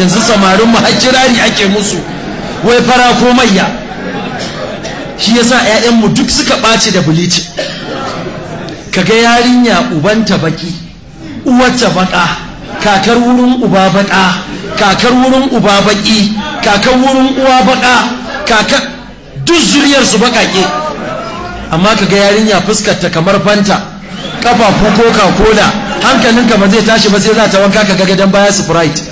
yanzu samarin mu hajjirari ake musu wai fara ko maiya shi yasa ƴaƴanmu duk suka ɓaci da bulici kaga yarinya ubanta baki uwarta baka kakar wurin uba baka kakar wurin uba baki kakar wurin uwa baka kakar duk zuriyar su bakake amma kaga yarinya fuskar ta kamar fanta kafafu coca cola hankalinka ba zai tashi ba sai za ta wanka kaga dan baya sprite